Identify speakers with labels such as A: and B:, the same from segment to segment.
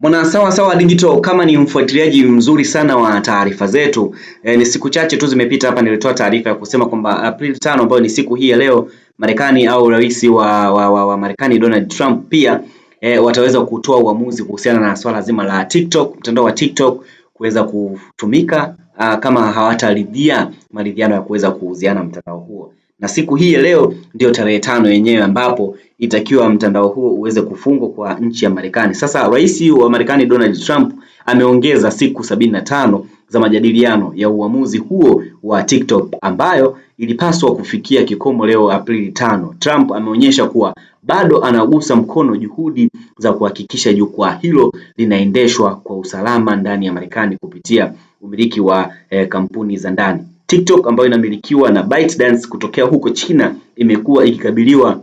A: Mwana sawa sawa digital, kama ni mfuatiliaji mzuri sana wa taarifa zetu e, ni siku chache tu zimepita hapa nilitoa taarifa ya kusema kwamba Aprili tano ambayo ni siku hii ya leo, Marekani au rais wa, wa, wa, wa Marekani Donald Trump pia e, wataweza kutoa uamuzi kuhusiana na swala zima la TikTok, mtandao wa TikTok kuweza kutumika a, ah, kama hawataridhia maridhiano ya kuweza kuuziana mtandao huo na siku hii ya leo ndio tarehe tano yenyewe ambapo itakiwa mtandao huo uweze kufungwa kwa nchi ya Marekani. Sasa rais wa Marekani Donald Trump ameongeza siku sabini na tano za majadiliano ya uamuzi huo wa TikTok ambayo ilipaswa kufikia kikomo leo Aprili tano. Trump ameonyesha kuwa bado anagusa mkono juhudi za kuhakikisha jukwaa hilo linaendeshwa kwa usalama ndani ya Marekani kupitia umiliki wa eh, kampuni za ndani. TikTok ambayo inamilikiwa na ByteDance kutokea huko China imekuwa ikikabiliwa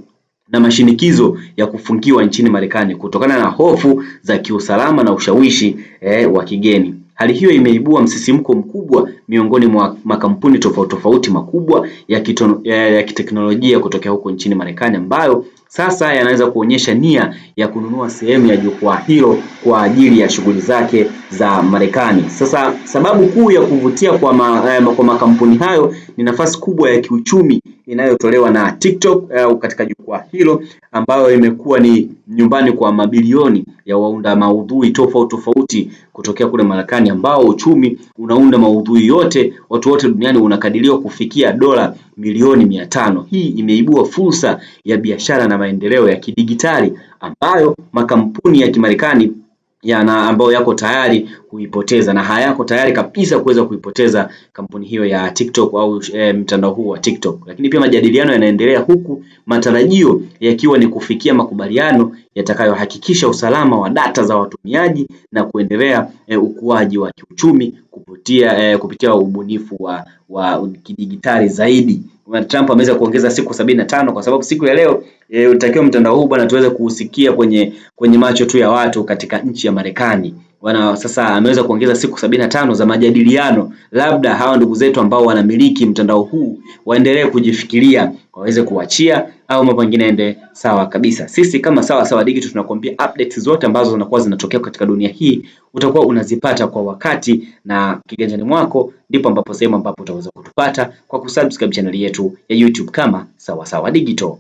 A: na mashinikizo ya kufungiwa nchini Marekani kutokana na hofu za kiusalama na ushawishi eh, wa kigeni. Hali hiyo imeibua msisimko mkubwa miongoni mwa makampuni tofauti tofauti makubwa ya, kito, ya, ya kiteknolojia kutokea huko nchini Marekani ambayo sasa yanaweza kuonyesha nia ya kununua sehemu ya jukwaa hilo kwa ajili ya shughuli zake za Marekani. Sasa sababu kuu ya kuvutia kwa, ma, eh, kwa makampuni hayo ni nafasi kubwa ya kiuchumi inayotolewa na TikTok eh, katika kwa hilo ambayo imekuwa ni nyumbani kwa mabilioni ya waunda maudhui tofauti tofauti kutokea kule Marekani, ambao uchumi unaunda maudhui yote, watu wote duniani unakadiriwa kufikia dola milioni mia tano. Hii imeibua fursa ya biashara na maendeleo ya kidigitali ambayo makampuni ya Kimarekani yana ambayo yako tayari kuipoteza na hayako tayari kabisa kuweza kuipoteza kampuni hiyo ya TikTok au e, mtandao huu wa TikTok. Lakini pia majadiliano yanaendelea huku matarajio yakiwa ni kufikia makubaliano yatakayohakikisha usalama wa data za watumiaji na kuendelea e, ukuaji wa kiuchumi kupitia e, kupitia ubunifu wa, wa kidigitali zaidi. Trump ameweza kuongeza siku sabini na tano kwa sababu siku ya leo e, utakiwa mtandao huu bwana tuweze kuusikia kwenye kwenye macho tu ya watu katika nchi ya Marekani. Bwana sasa ameweza kuongeza siku sabini na tano za majadiliano. Labda hawa ndugu zetu ambao wanamiliki mtandao huu waendelee kujifikiria, waweze kuachia au mambo mengine ende sawa kabisa. Sisi kama Sawa Sawa Digital tunakuambia updates zote ambazo zinakuwa zinatokea katika dunia hii utakuwa unazipata kwa wakati na kiganjani mwako, ndipo ambapo sehemu ambapo utaweza kutupata kwa kusubscribe chaneli yetu ya YouTube kama Sawasawa Digital.